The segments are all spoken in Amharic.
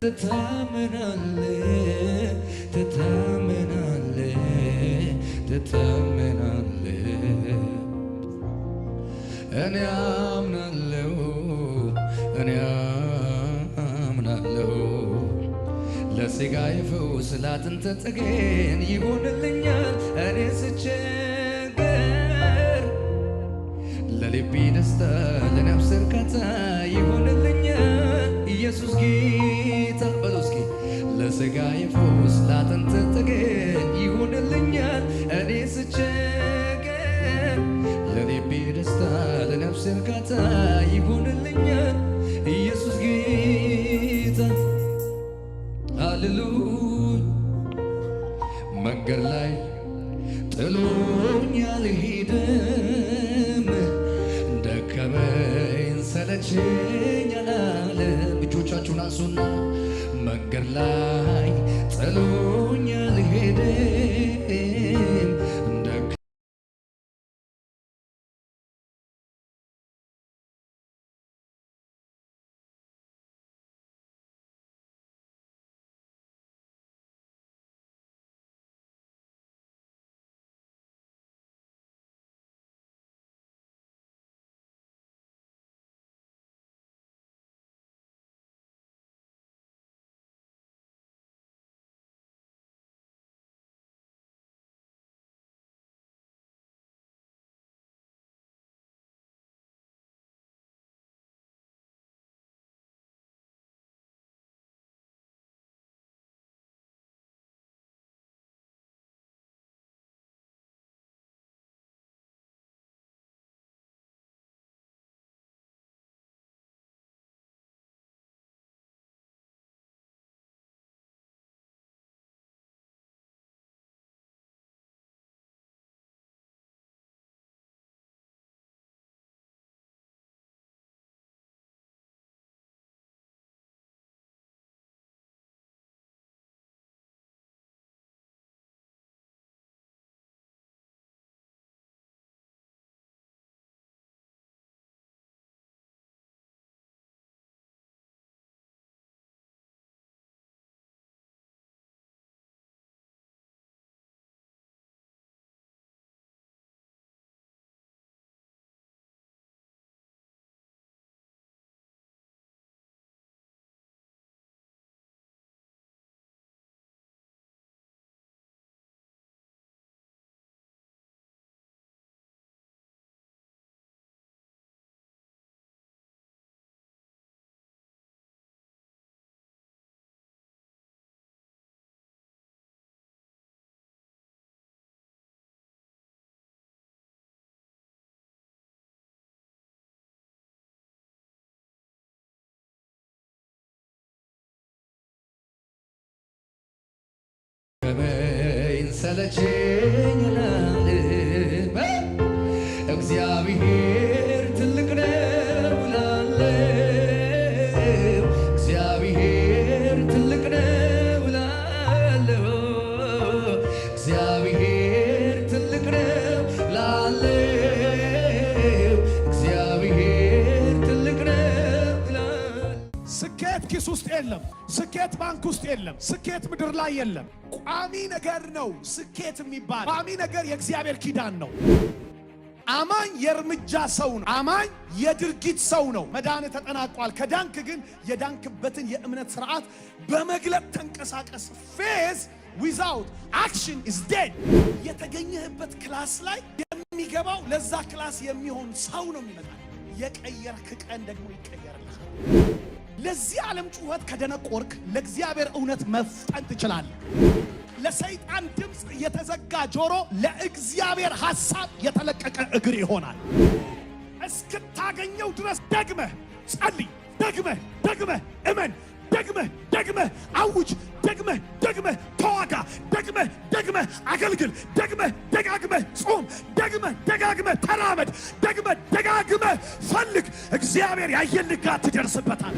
ትታመናለህ አምናለሁ እኔ አምናለሁ ለሥጋዬ ፈውስ ለአጥንቴ ጥገን ይሆንልኛል እኔ ስቸገር ለልቤ ደስታ ለነፍስ እርካታ ረድቶኛል። አንሱና መንገድ ላይ ሰለቸኝ ላልበ እግዚአብሔር ትልቅ ነው ላለው እግዚአብሔር ትልቅ ነው ላለው እግዚአብሔር ትልቅ ነው ላለው እግዚአብሔር ትልቅ ነው ላለው ስኬት ኪስ ውስጥ የለም። ስኬት ባንክ ውስጥ የለም። ስኬት ምድር ላይ የለም። ቋሚ ነገር ነው ስኬት የሚባል ቋሚ ነገር የእግዚአብሔር ኪዳን ነው። አማኝ የእርምጃ ሰው ነው። አማኝ የድርጊት ሰው ነው። መዳን ተጠናቋል። ከዳንክ ግን የዳንክበትን የእምነት ስርዓት በመግለጥ ተንቀሳቀስ። ፌዝ ዊዛውት አክሽን ኢዝ ዴድ። የተገኘህበት ክላስ ላይ የሚገባው ለዛ ክላስ የሚሆን ሰው ነው የሚመጣል። የቀየርክ ቀን ደግሞ ይቀየርልሃል። ለዚህ ዓለም ጩኸት ከደነቆርክ ለእግዚአብሔር እውነት መፍጠን ትችላለህ። ለሰይጣን ድምፅ የተዘጋ ጆሮ ለእግዚአብሔር ሐሳብ የተለቀቀ እግር ይሆናል። እስክታገኘው ድረስ ደግመ ጸልይ፣ ደግመ ደግመ እመን፣ ደግመ ደግመ አውጅ፣ ደግመ ደግመ ተዋጋ፣ ደግመ ደግመ አገልግል፣ ደግመ ደጋግመህ ጾም፣ ደግመ ደጋግመህ ተራመድ፣ ደግመ ደጋግመህ ፈልግ። እግዚአብሔር ያየልህ ትደርስበታል።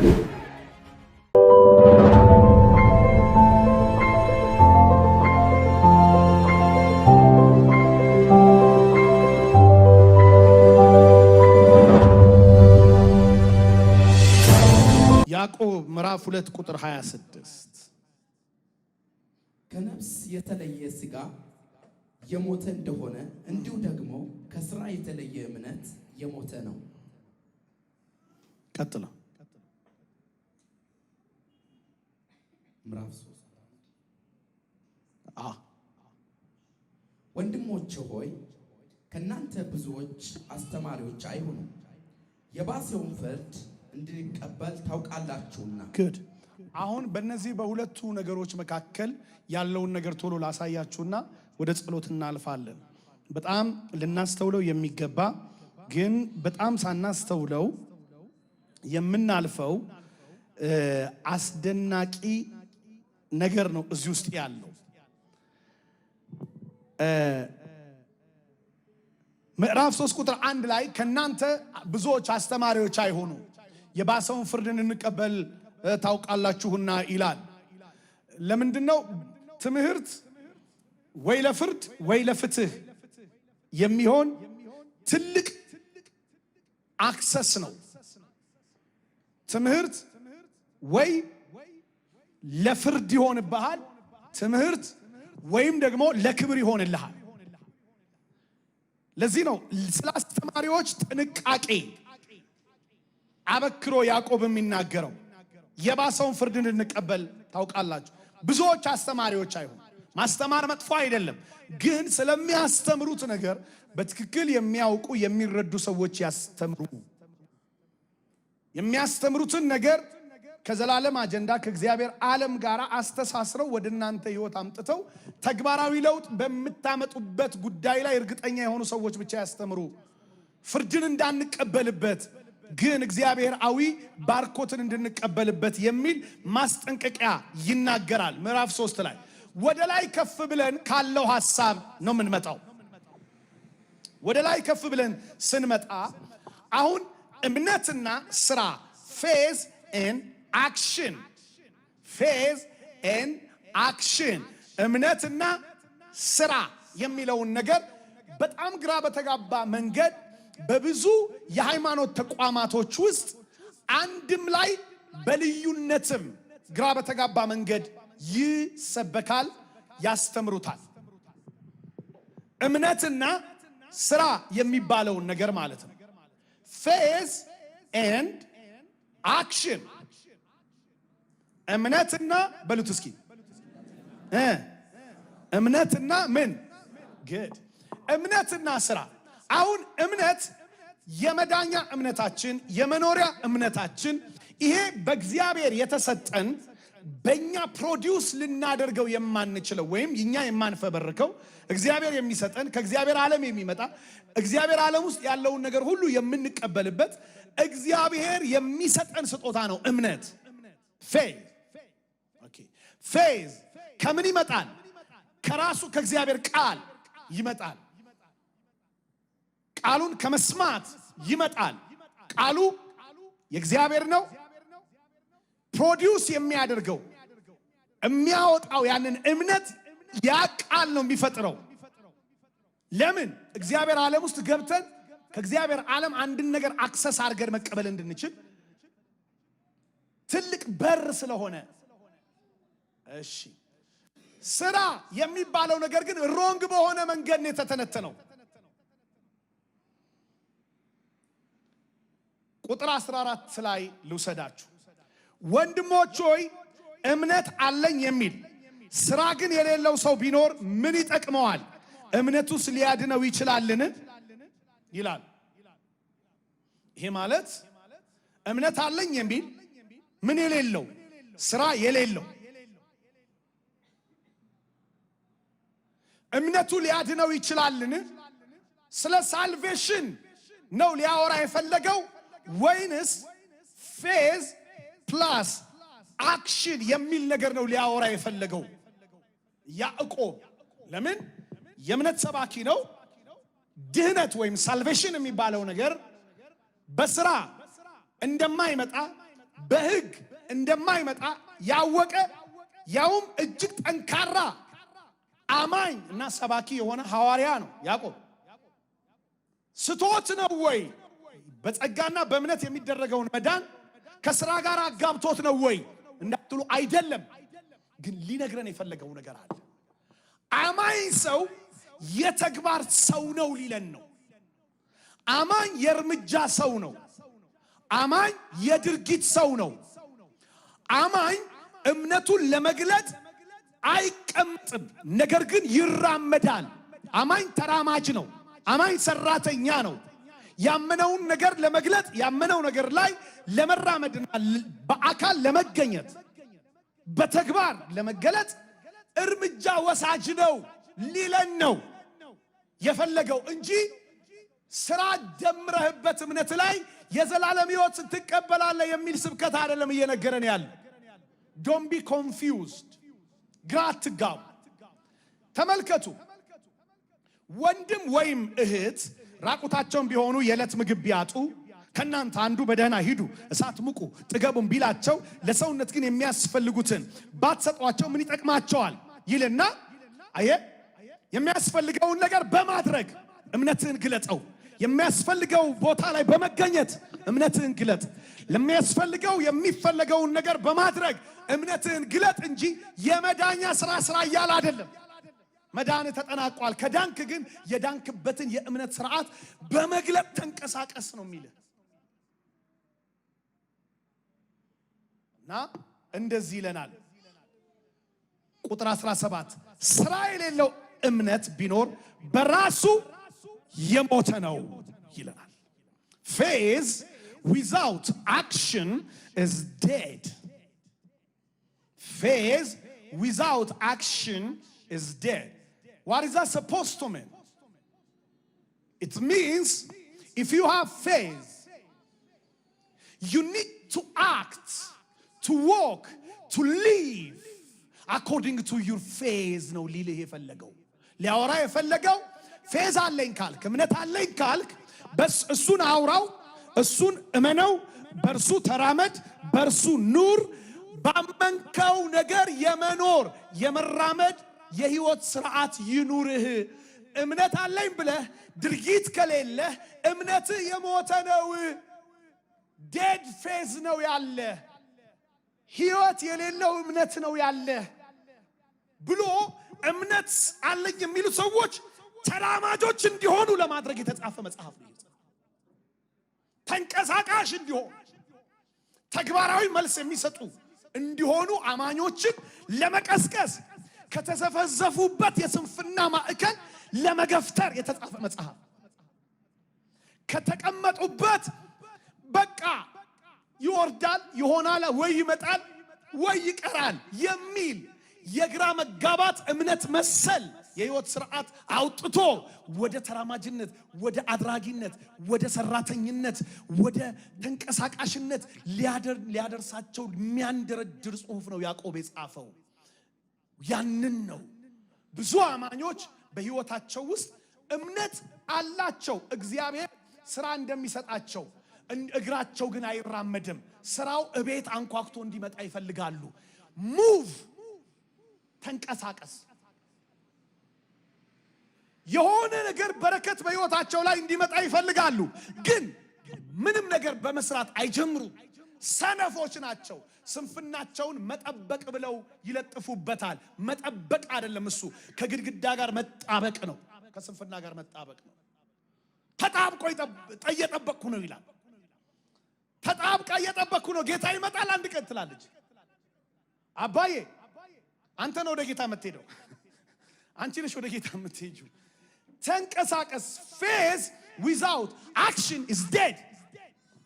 ሁለት ቁጥር 26 ከነፍስ የተለየ ስጋ የሞተ እንደሆነ እንዲሁ ደግሞ ከስራ የተለየ እምነት የሞተ ነው። ቀጥሎ ምዕራፍ ሦስት ወንድሞች ሆይ ከእናንተ ብዙዎች አስተማሪዎች አይሁኑ፣ የባሰውን ፍርድ እንድንቀበል ታውቃላችሁና። ግድ አሁን በእነዚህ በሁለቱ ነገሮች መካከል ያለውን ነገር ቶሎ ላሳያችሁና ወደ ጸሎት እናልፋለን። በጣም ልናስተውለው የሚገባ ግን በጣም ሳናስተውለው የምናልፈው አስደናቂ ነገር ነው እዚህ ውስጥ ያለው። ምዕራፍ ሶስት ቁጥር አንድ ላይ ከእናንተ ብዙዎች አስተማሪዎች አይሆኑም የባሰውን ፍርድን እንቀበል ታውቃላችሁና ይላል። ለምንድን ነው ትምህርት ወይ ለፍርድ ወይ ለፍትህ የሚሆን ትልቅ አክሰስ ነው። ትምህርት ወይ ለፍርድ ይሆንብሃል፣ ትምህርት ወይም ደግሞ ለክብር ይሆንልሃል። ለዚህ ነው ስለ አስተማሪዎች ጥንቃቄ አበክሮ ያዕቆብ የሚናገረው የባሰውን ፍርድ እንድንቀበል ታውቃላችሁ። ብዙዎች አስተማሪዎች አይሆኑ። ማስተማር መጥፎ አይደለም፣ ግን ስለሚያስተምሩት ነገር በትክክል የሚያውቁ የሚረዱ ሰዎች ያስተምሩ። የሚያስተምሩትን ነገር ከዘላለም አጀንዳ ከእግዚአብሔር ዓለም ጋር አስተሳስረው ወደ እናንተ ሕይወት አምጥተው ተግባራዊ ለውጥ በምታመጡበት ጉዳይ ላይ እርግጠኛ የሆኑ ሰዎች ብቻ ያስተምሩ። ፍርድን እንዳንቀበልበት ግን እግዚአብሔር አዊ ባርኮትን እንድንቀበልበት የሚል ማስጠንቀቂያ ይናገራል። ምዕራፍ ሶስት ላይ ወደ ላይ ከፍ ብለን ካለው ሀሳብ ነው የምንመጣው። ወደ ላይ ከፍ ብለን ስንመጣ አሁን እምነትና ስራ ፌዝ ኤን አክሽን ፌዝ ኤን አክሽን እምነትና ስራ የሚለውን ነገር በጣም ግራ በተጋባ መንገድ በብዙ የሃይማኖት ተቋማቶች ውስጥ አንድም ላይ በልዩነትም ግራ በተጋባ መንገድ ይሰበካል፣ ያስተምሩታል። እምነትና ስራ የሚባለውን ነገር ማለት ነው። ፌዝ ኤንድ አክሽን እምነትና በሉት እስኪ እምነትና ምን ግድ እምነትና ስራ አሁን እምነት የመዳኛ እምነታችን የመኖሪያ እምነታችን ይሄ በእግዚአብሔር የተሰጠን በእኛ ፕሮዲውስ ልናደርገው የማንችለው ወይም እኛ የማንፈበርከው እግዚአብሔር የሚሰጠን ከእግዚአብሔር ዓለም የሚመጣ እግዚአብሔር ዓለም ውስጥ ያለውን ነገር ሁሉ የምንቀበልበት እግዚአብሔር የሚሰጠን ስጦታ ነው። እምነት ፌዝ ከምን ይመጣል? ከራሱ ከእግዚአብሔር ቃል ይመጣል። ቃሉን ከመስማት ይመጣል። ቃሉ የእግዚአብሔር ነው። ፕሮዲውስ የሚያደርገው የሚያወጣው ያንን እምነት ያ ቃል ነው የሚፈጥረው። ለምን እግዚአብሔር ዓለም ውስጥ ገብተን ከእግዚአብሔር ዓለም አንድን ነገር አክሰስ አድርገን መቀበል እንድንችል ትልቅ በር ስለሆነ። እሺ ስራ የሚባለው ነገር ግን ሮንግ በሆነ መንገድ ነው የተተነተነው። ቁጥር 14 ላይ ልውሰዳችሁ። ወንድሞች ሆይ እምነት አለኝ የሚል ስራ ግን የሌለው ሰው ቢኖር ምን ይጠቅመዋል? እምነቱስ ሊያድነው ይችላልን? ይላል። ይሄ ማለት እምነት አለኝ የሚል ምን የሌለው ስራ የሌለው እምነቱ ሊያድነው ይችላልን? ስለ ሳልቬሽን ነው ሊያወራ የፈለገው ወይንስ ፌዝ ፕላስ አክሽን የሚል ነገር ነው ሊያወራ የፈለገው ያዕቆብ። ለምን የእምነት ሰባኪ ነው። ድህነት ወይም ሳልቬሽን የሚባለው ነገር በስራ እንደማይመጣ በህግ እንደማይመጣ ያወቀ ያውም እጅግ ጠንካራ አማኝ እና ሰባኪ የሆነ ሐዋርያ ነው ያዕቆብ። ስቶት ነው ወይ በጸጋና በእምነት የሚደረገውን መዳን ከስራ ጋር አጋብቶት ነው ወይ እንዳትሉ አይደለም። ግን ሊነግረን የፈለገው ነገር አለ። አማኝ ሰው የተግባር ሰው ነው ሊለን ነው። አማኝ የእርምጃ ሰው ነው። አማኝ የድርጊት ሰው ነው። አማኝ እምነቱን ለመግለጥ አይቀምጥም፣ ነገር ግን ይራመዳል። አማኝ ተራማጅ ነው። አማኝ ሰራተኛ ነው። ያመነውን ነገር ለመግለጥ ያመነው ነገር ላይ ለመራመድና በአካል ለመገኘት በተግባር ለመገለጥ እርምጃ ወሳጅ ነው ሊለን ነው የፈለገው እንጂ ስራ ጀምረህበት እምነት ላይ የዘላለም ህይወት ስትቀበላለህ የሚል ስብከት አይደለም እየነገረን ያለ። ዶን ኮንፊውዝድ፣ ግራ አትጋቡ። ተመልከቱ ወንድም ወይም እህት ራቁታቸውን ቢሆኑ የዕለት ምግብ ቢያጡ ከእናንተ አንዱ በደህና ሂዱ እሳት ሙቁ ጥገቡን ቢላቸው ለሰውነት ግን የሚያስፈልጉትን ባትሰጧቸው ምን ይጠቅማቸዋል? ይልና አየ የሚያስፈልገውን ነገር በማድረግ እምነትህን ግለጠው። የሚያስፈልገው ቦታ ላይ በመገኘት እምነትህን ግለጥ። ለሚያስፈልገው የሚፈለገውን ነገር በማድረግ እምነትህን ግለጥ እንጂ የመዳኛ ስራ ስራ እያለ አይደለም። መዳን ተጠናቋል። ከዳንክ ግን የዳንክበትን የእምነት ስርዓት በመግለጥ ተንቀሳቀስ ነው የሚል እና እንደዚህ ይለናል። ቁጥር 17 ስራ የሌለው እምነት ቢኖር በራሱ የሞተ ነው ይለናል። ፌዝ ዊዛውት አክሽን ኢዝ ዴድ። ፌዝ ዊዛውት አክሽን ኢዝ ዴድ What is that supposed to mean? It means if you have faith, you need to act, to walk, to live according to your faith ነው ሊልህ የፈለገው ሊያወራ የፈለገው ፌዝ አለኝ ካልክ እምነት አለኝ ካልክ በስ እሱን አውራው፣ እሱን Bersu Taramet, Bersu Nur, ኑር። ባመንከው Yemenor, Yemen Ramet. የህይወት ስርዓት ይኑርህ። እምነት አለኝ ብለህ ድርጊት ከሌለህ እምነትህ የሞተ ነው። ዴድ ፌዝ ነው ያለ ህይወት የሌለው እምነት ነው ያለ ብሎ እምነት አለኝ የሚሉ ሰዎች ተራማጆች እንዲሆኑ ለማድረግ የተጻፈ መጽሐፍ ነው። ተንቀሳቃሽ እንዲሆኑ ተግባራዊ መልስ የሚሰጡ እንዲሆኑ አማኞችን ለመቀስቀስ ከተዘፈዘፉበት የስንፍና ማዕከል ለመገፍተር የተጻፈ መጽሐፍ ከተቀመጡበት በቃ ይወርዳል ይሆናል ወይ ይመጣል ወይ ይቀራል የሚል የግራ መጋባት እምነት መሰል የህይወት ስርዓት አውጥቶ ወደ ተራማጅነት፣ ወደ አድራጊነት፣ ወደ ሰራተኝነት፣ ወደ ተንቀሳቃሽነት ሊያደርሳቸው የሚያንደረድር ጽሁፍ ነው ያዕቆብ የጻፈው። ያንን ነው ብዙ አማኞች በህይወታቸው ውስጥ እምነት አላቸው፣ እግዚአብሔር ስራ እንደሚሰጣቸው እግራቸው ግን አይራመድም። ስራው እቤት አንኳኩቶ እንዲመጣ ይፈልጋሉ። ሙቭ ተንቀሳቀስ፣ የሆነ ነገር በረከት በህይወታቸው ላይ እንዲመጣ ይፈልጋሉ፣ ግን ምንም ነገር በመስራት አይጀምሩ። ሰነፎች ናቸው። ስንፍናቸውን መጠበቅ ብለው ይለጥፉበታል። መጠበቅ አይደለም እሱ፣ ከግድግዳ ጋር መጣበቅ ነው። ከስንፍና ጋር መጣበቅ ነው። ተጣብቆ እየጠበቅኩ ነው ይላል። ተጣብቃ እየጠበቅኩ ነው። ጌታ ይመጣል አንድ ቀን ትላለች። አባዬ አንተ ነው ወደ ጌታ የምትሄደው፣ አንቺ ነሽ ወደ ጌታ የምትሄጂው። ተንቀሳቀስ ፌዝ ዊዛውት አክሽን ኢዝ ዴድ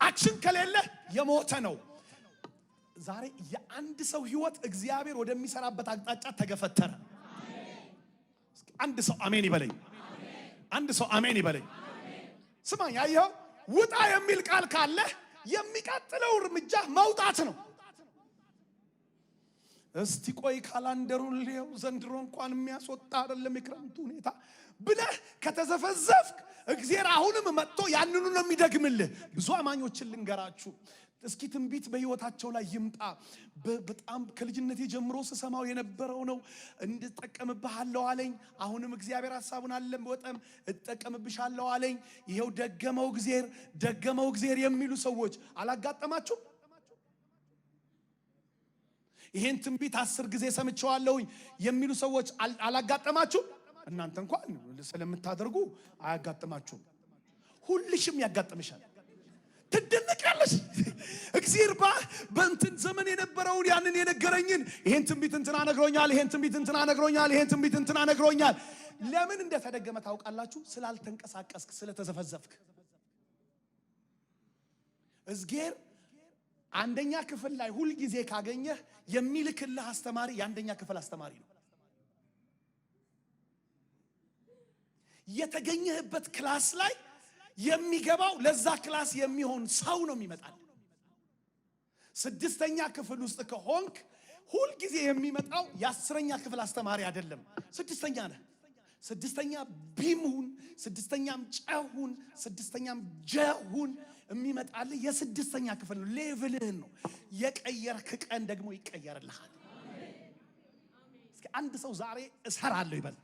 አክሽን ከሌለ የሞተ ነው። ዛሬ የአንድ ሰው ህይወት እግዚአብሔር ወደሚሰራበት አቅጣጫ ተገፈተረ። አንድ ሰው አሜን ይበለኝ። አንድ ሰው አሜን ይበለኝ። ስማ አየኸው ውጣ የሚል ቃል ካለ የሚቀጥለው እርምጃ መውጣት ነው። እስቲ ቆይ ካላንደሩን ሊየው። ዘንድሮ እንኳን የሚያስወጣ አይደለም የክረምቱ ሁኔታ ብለህ ከተዘፈዘፍክ እግዚአብሔር አሁንም መጥቶ ያንኑ ነው የሚደግምልህ። ብዙ አማኞችን ልንገራችሁ እስኪ ትንቢት በህይወታቸው ላይ ይምጣ። በጣም ከልጅነቴ ጀምሮ ስሰማው የነበረው ነው። እንድጠቀምብሃለሁ አለኝ። አሁንም እግዚአብሔር ሀሳቡን አልለወጠም። እጠቀምብሻለሁ አለኝ። ይኸው ደገመው እግዚአብሔር፣ ደገመው እግዚአብሔር የሚሉ ሰዎች አላጋጠማችሁም? ይሄን ትንቢት አስር ጊዜ ሰምቸዋለሁኝ የሚሉ ሰዎች አላጋጠማችሁም? እናንተ እንኳን ስለምታደርጉ አያጋጥማችሁም። ሁልሽም ያጋጥምሻል። ትደነቃለሽ። እግዚአብሔር ባ በእንትን ዘመን የነበረውን ያንን የነገረኝን ይሄን ትንቢት እንትና ነግሮኛል፣ ይሄን ትንቢት እንትና ነግሮኛል፣ ይሄን ትንቢት እንትና ነግሮኛል። ለምን እንደተደገመ ታውቃላችሁ? ስላልተንቀሳቀስክ፣ ስለተዘፈዘፍክ። እግዚአብሔር አንደኛ ክፍል ላይ ሁልጊዜ ካገኘህ የሚልክልህ አስተማሪ የአንደኛ ክፍል አስተማሪ ነው። የተገኘህበት ክላስ ላይ የሚገባው ለዛ ክላስ የሚሆን ሰው ነው የሚመጣል። ስድስተኛ ክፍል ውስጥ ከሆንክ ሁልጊዜ የሚመጣው የአስረኛ ክፍል አስተማሪ አይደለም። ስድስተኛ ነህ። ስድስተኛ ቢምሁን፣ ስድስተኛም ጨሁን፣ ስድስተኛም ጀሁን የሚመጣልህ የስድስተኛ ክፍል ነው። ሌቭልህን ነው የቀየርክ ቀን ደግሞ ይቀየርልሃል። እስኪ አንድ ሰው ዛሬ እሰራለሁ ይበል።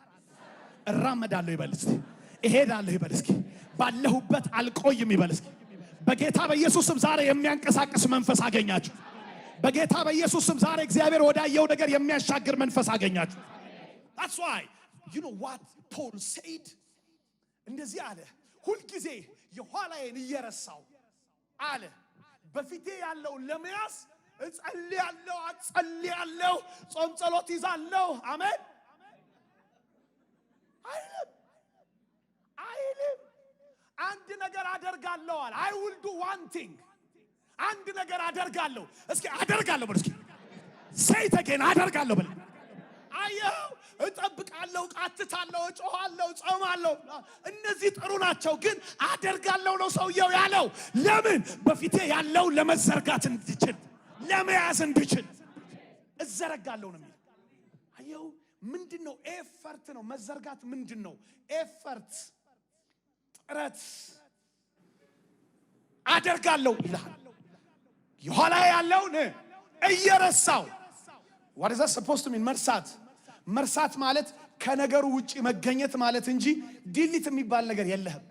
እራመዳለሁ ይበል እስኪ። እሄዳለሁ ይበል እስኪ። ባለሁበት አልቆይም ይበል እስኪ። በጌታ በኢየሱስም ዛሬ የሚያንቀሳቅስ መንፈስ አገኛችሁ። በጌታ በኢየሱስም ዛሬ እግዚአብሔር ወዳየው ነገር የሚያሻግር መንፈስ አገኛችሁ። that's why you know what Paul said እንደዚህ አለ፣ ሁልጊዜ የኋላዬን እየረሳው አለ በፊቴ ያለው ለመያዝ እጸልያለሁ፣ አጸልያለሁ፣ ጾም ጸሎት ይዛለሁ። አሜን አይልም አይልም። አንድ ነገር አደርጋለዋል። አይ ዊል ዱ ዋን ቲንግ አንድ ነገር አደርጋለሁ። እስኪ አደርጋለሁ በል እስኪ ሴይ ተገን አደርጋለሁ በል። አየው እጠብቃለሁ፣ ቃትታለሁ፣ እጮኋለሁ፣ ጾማለሁ። እነዚህ ጥሩ ናቸው፣ ግን አደርጋለሁ ነው ሰውየው ያለው። ለምን በፊቴ ያለው ለመዘርጋት እንድችል ለመያዝ እንድችል እዘረጋለሁ ነው የሚለው። አየው ምንድን ነው? ኤፈርት ነው። መዘርጋት ምንድን ነው? ኤፈርት ጥረት አደርጋለሁ ይላል። የኋላ ያለውን እየረሳው ዋደዛ ሰፖስት ሚን መርሳት መርሳት ማለት ከነገሩ ውጭ መገኘት ማለት እንጂ ዲሊት የሚባል ነገር የለህም።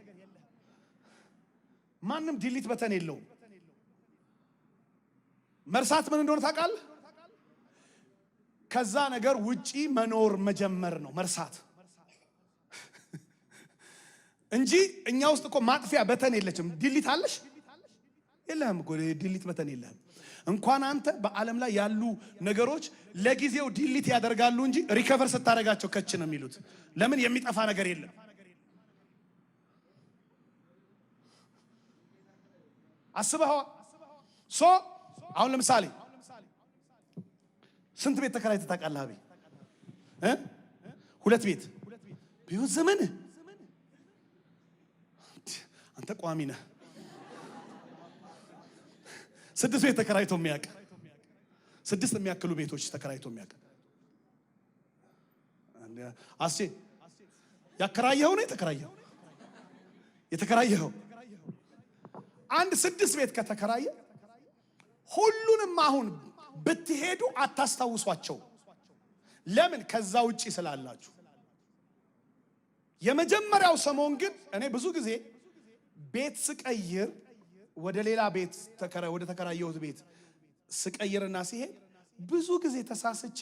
ማንም ዲሊት በተን የለውም። መርሳት ምን እንደሆነ ታውቃለህ? ከዛ ነገር ውጪ መኖር መጀመር ነው መርሳት እንጂ እኛ ውስጥ እኮ ማጥፊያ በተን የለችም። ዲሊት አለሽ የለህም እኮ ዲሊት በተን የለህም። እንኳን አንተ በዓለም ላይ ያሉ ነገሮች ለጊዜው ዲሊት ያደርጋሉ እንጂ ሪከቨር ስታደርጋቸው ከች ነው የሚሉት። ለምን የሚጠፋ ነገር የለም። አስበኸዋ ሶ አሁን ለምሳሌ ስንት ቤት ተከራይ ትታቃለህ? አቤ ሁለት ቤት በሕይወት ዘመን አንተ ቋሚ ነህ። ስድስት ቤት ተከራይቶ የሚያውቅ ስድስት የሚያክሉ ቤቶች ተከራይቶ የሚያውቅ አስቼ ያከራየኸው ነው የተከራየኸው የተከራየኸው አንድ ስድስት ቤት ከተከራየ ሁሉንም አሁን ብትሄዱ አታስታውሷቸው። ለምን? ከዛ ውጪ ስላላችሁ። የመጀመሪያው ሰሞን ግን እኔ ብዙ ጊዜ ቤት ስቀይር ወደ ሌላ ቤት ወደ ተከራየሁት ቤት ስቀይርና ሲሄድ ብዙ ጊዜ ተሳስቼ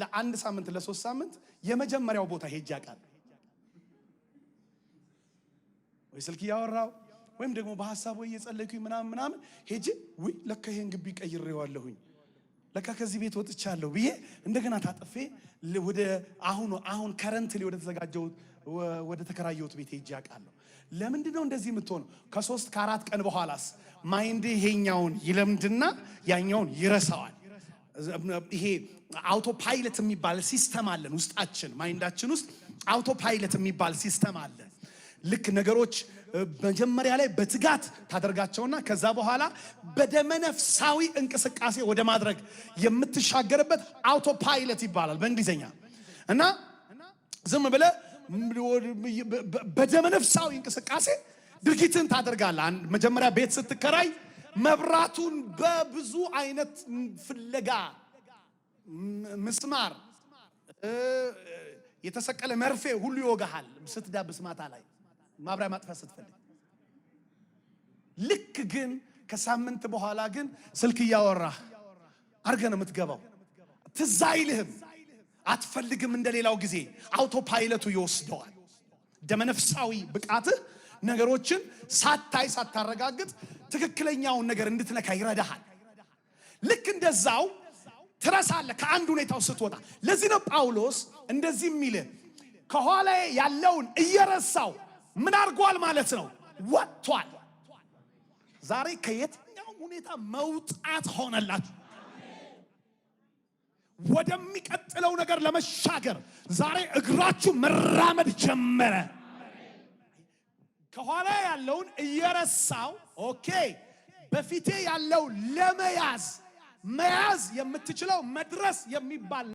ለአንድ ሳምንት ለሶስት ሳምንት የመጀመሪያው ቦታ ሄጄ አውቃለሁ ወይ ስልክ እያወራው ወይም ደግሞ በሀሳብ ወይ እየጸለይኩኝ ምናምን ምናምን ሄጅ ውይ ለካ ይሄን ግቢ ቀይሬዋለሁኝ ለካ ከዚህ ቤት ወጥቻለሁ ብዬ እንደገና ታጥፌ ወደ አሁኑ አሁን ከረንት ወደ ተዘጋጀው ወደ ተከራየሁት ቤት ሄጅ አውቃለሁ። ለምንድን ነው እንደዚህ የምትሆነው? ከሶስት ከአራት ቀን በኋላስ ማይንድ ይሄኛውን ይለምድና ያኛውን ይረሳዋል። ይሄ አውቶ ፓይለት የሚባል ሲስተም አለን ውስጣችን ማይንዳችን ውስጥ አውቶ ፓይለት የሚባል ሲስተም አለ። ልክ ነገሮች መጀመሪያ ላይ በትጋት ታደርጋቸውና ከዛ በኋላ በደመነፍሳዊ እንቅስቃሴ ወደ ማድረግ የምትሻገርበት አውቶ ፓይለት ይባላል በእንግሊዝኛ እና ዝም ብለ በደመነፍሳዊ እንቅስቃሴ ድርጊትን ታደርጋለህ። መጀመሪያ ቤት ስትከራይ መብራቱን በብዙ አይነት ፍለጋ ምስማር የተሰቀለ መርፌ ሁሉ ይወጋሃል ስትዳብስ ማታ ላይ ማብሪያ ማጥፋት ስትፈልግ ልክ ግን ከሳምንት በኋላ ግን ስልክ እያወራህ አድርገ ነው የምትገባው። ትዝ አይልህም፣ አትፈልግም። እንደሌላው ጊዜ አውቶ ፓይለቱ ይወስደዋል። ደመነፍሳዊ ብቃትህ ነገሮችን ሳታይ ሳታረጋግጥ ትክክለኛውን ነገር እንድትነካ ይረዳሃል። ልክ እንደዛው ትረሳለህ ከአንድ ሁኔታው ስትወጣ። ለዚህ ነው ጳውሎስ እንደዚህ የሚልህ ከኋላ ያለውን እየረሳው ምን አድርጓል ማለት ነው? ወጥቷል። ዛሬ ከየትኛውም ሁኔታ መውጣት ሆነላችሁ ወደሚቀጥለው ነገር ለመሻገር ዛሬ እግራችሁ መራመድ ጀመረ። ከኋላ ያለውን እየረሳው ኦኬ፣ በፊቴ ያለው ለመያዝ መያዝ የምትችለው መድረስ የሚባል